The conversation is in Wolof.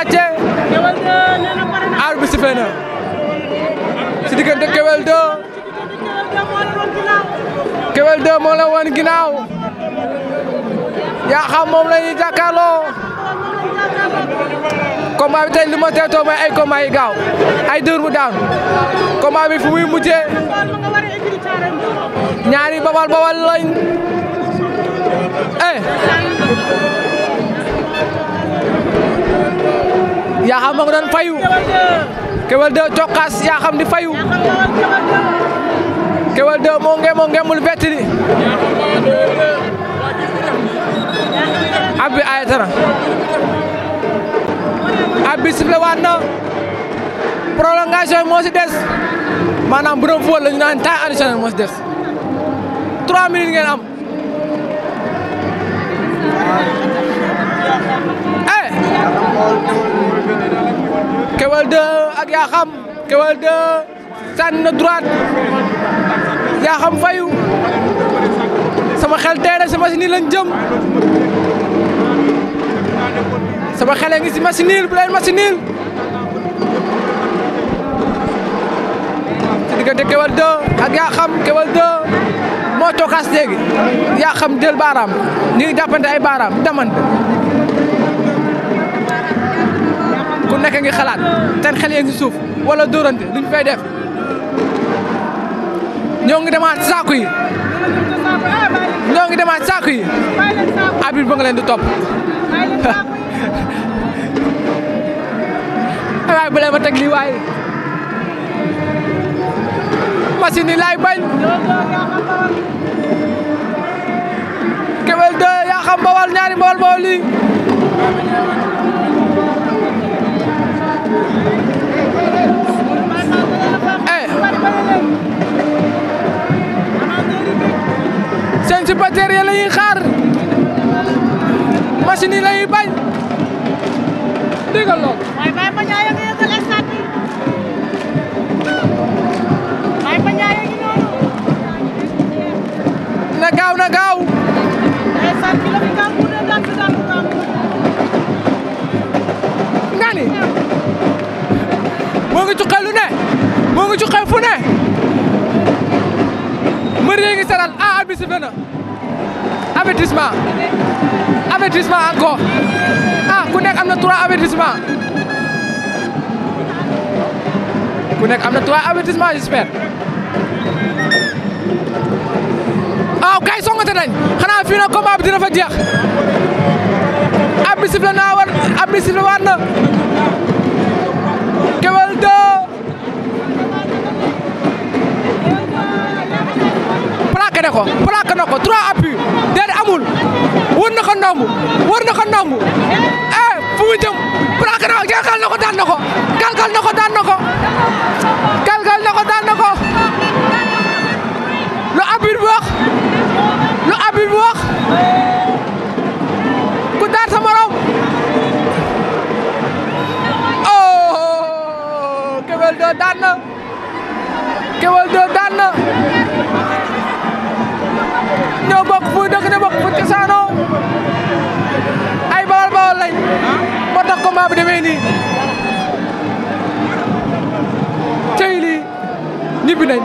Lathie aar bi sifflé na si diggante Keweul 2 Keweul 2 moo la woon yaa xam moom la ñuy jàkkaarloo combat bi tey li ma teetoo mooy ay gaaw ay dër bu daan combat bi fu muy mujjee ñaari babal babal lañ eh yaa xam ma nga doon fayu Keweul 2 cokaas yaa xam abbi ayatana abbi sifle waat des maanaam bu doon football la ñu naan temps additionnel moo des trois ngeen am yaa xam Keweul 2 sànni na droite yaa xam fayu sama xel tey rek si machine yi lañ sama xel ngi si machine yi bu leen machine si diggante Keweul 2 ak yaa xam Keweul 2 moo toogaas léegi yaa xam jël baaraam ñu ngi ay baaraam damante. ku nekk ngi xalaat seen xel yaa ngi suuf wala dóorante luñ fay def ñoo ngi demaat saako yi ñoo ngi demaat saako yi abit ba leen di topp waaye bu leen ma teg lii waaye machine yi laay yaa xam bawal ñaari bawal bawal lii la ngi yëngal stade gaaw na ne moo yi ngi saral ah abisi fena avertissement avertissement encore ah ku nekk am na trois avertissement ku ah, nañ xanaa fii nag combat bi dina fa jeex ab siffle na war ab siffle war na Gueweul 2 plaqué na ko plaqué na ko amul war na ko nangu war na ko nangu eh fu mu jëm plaqué na ko kalkal lu abir bi wax lu abir bi wax ku daan sa morom oh Keweul 2 daan na Keweul 2 lii tey lii ñibbi nañ